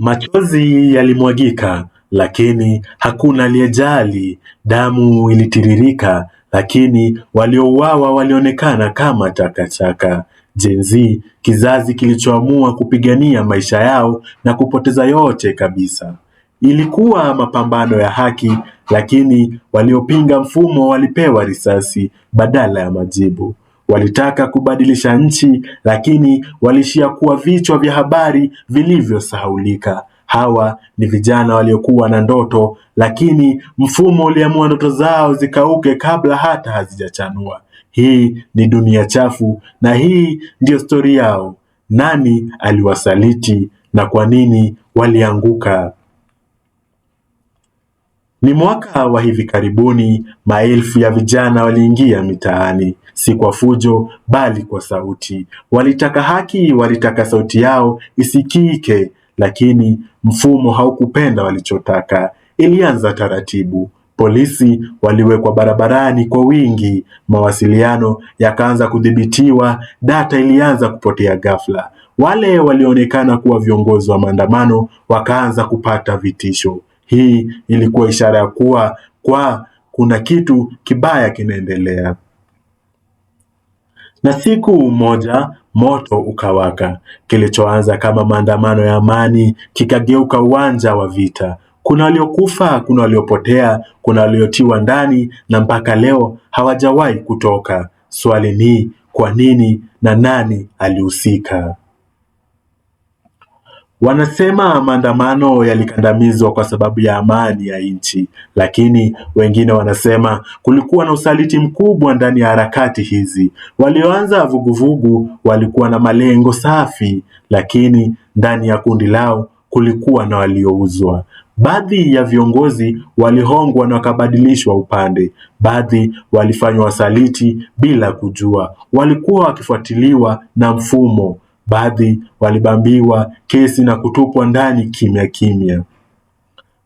Machozi yalimwagika, lakini hakuna aliyejali. Damu ilitiririka, lakini waliouawa walionekana kama takataka. Gen Z, kizazi kilichoamua kupigania maisha yao na kupoteza yote kabisa. Ilikuwa mapambano ya haki, lakini waliopinga mfumo walipewa risasi badala ya majibu. Walitaka kubadilisha nchi, lakini walishia kuwa vichwa vya habari vilivyosahaulika. Hawa ni vijana waliokuwa na ndoto, lakini mfumo uliamua ndoto zao zikauke kabla hata hazijachanua. Hii ni dunia chafu, na hii ndiyo stori yao. Nani aliwasaliti na kwa nini walianguka? Ni mwaka wa hivi karibuni, maelfu ya vijana waliingia mitaani, si kwa fujo, bali kwa sauti. Walitaka haki, walitaka sauti yao isikike, lakini mfumo haukupenda walichotaka. Ilianza taratibu. Polisi waliwekwa barabarani kwa wingi, mawasiliano yakaanza kudhibitiwa, data ilianza kupotea ghafla. Wale walioonekana kuwa viongozi wa maandamano wakaanza kupata vitisho. Hii ilikuwa ishara ya kuwa kwa kuna kitu kibaya kinaendelea. Na siku moja moto ukawaka. Kilichoanza kama maandamano ya amani kikageuka uwanja wa vita. Kuna waliokufa, kuna waliopotea, kuna waliotiwa ndani na mpaka leo hawajawahi kutoka. Swali ni kwa nini na nani alihusika? Wanasema maandamano yalikandamizwa kwa sababu ya amani ya nchi, lakini wengine wanasema kulikuwa na usaliti mkubwa ndani ya harakati hizi. Walioanza vuguvugu walikuwa na malengo safi, lakini ndani ya kundi lao kulikuwa na waliouzwa. Baadhi ya viongozi walihongwa na wakabadilishwa upande, baadhi walifanywa wasaliti bila kujua, walikuwa wakifuatiliwa na mfumo. Baadhi walibambiwa kesi na kutupwa ndani kimya kimya.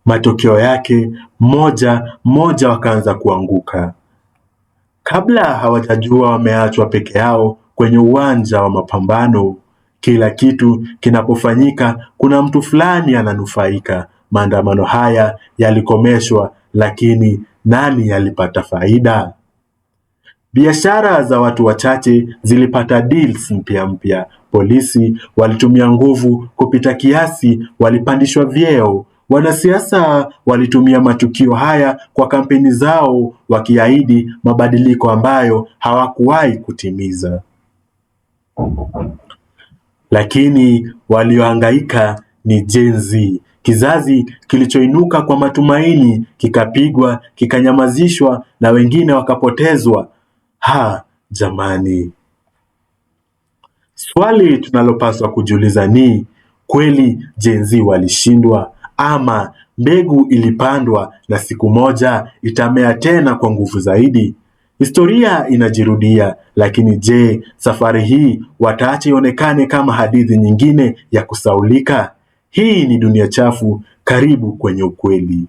Matokeo yake mmoja mmoja wakaanza kuanguka. Kabla hawatajua wameachwa peke yao kwenye uwanja wa mapambano. Kila kitu kinapofanyika, kuna mtu fulani ananufaika. Maandamano haya yalikomeshwa, lakini nani alipata faida? Biashara za watu wachache zilipata deals mpya mpya. Polisi walitumia nguvu kupita kiasi, walipandishwa vyeo. Wanasiasa walitumia matukio haya kwa kampeni zao, wakiahidi mabadiliko ambayo hawakuwahi kutimiza. Lakini waliohangaika ni Gen Z, kizazi kilichoinuka kwa matumaini, kikapigwa, kikanyamazishwa na wengine wakapotezwa Ha jamani, swali tunalopaswa kujiuliza ni kweli Gen Z walishindwa ama mbegu ilipandwa na siku moja itamea tena kwa nguvu zaidi? Historia inajirudia, lakini je, safari hii wataache ionekane kama hadithi nyingine ya kusaulika? Hii ni Dunia Chafu, karibu kwenye ukweli.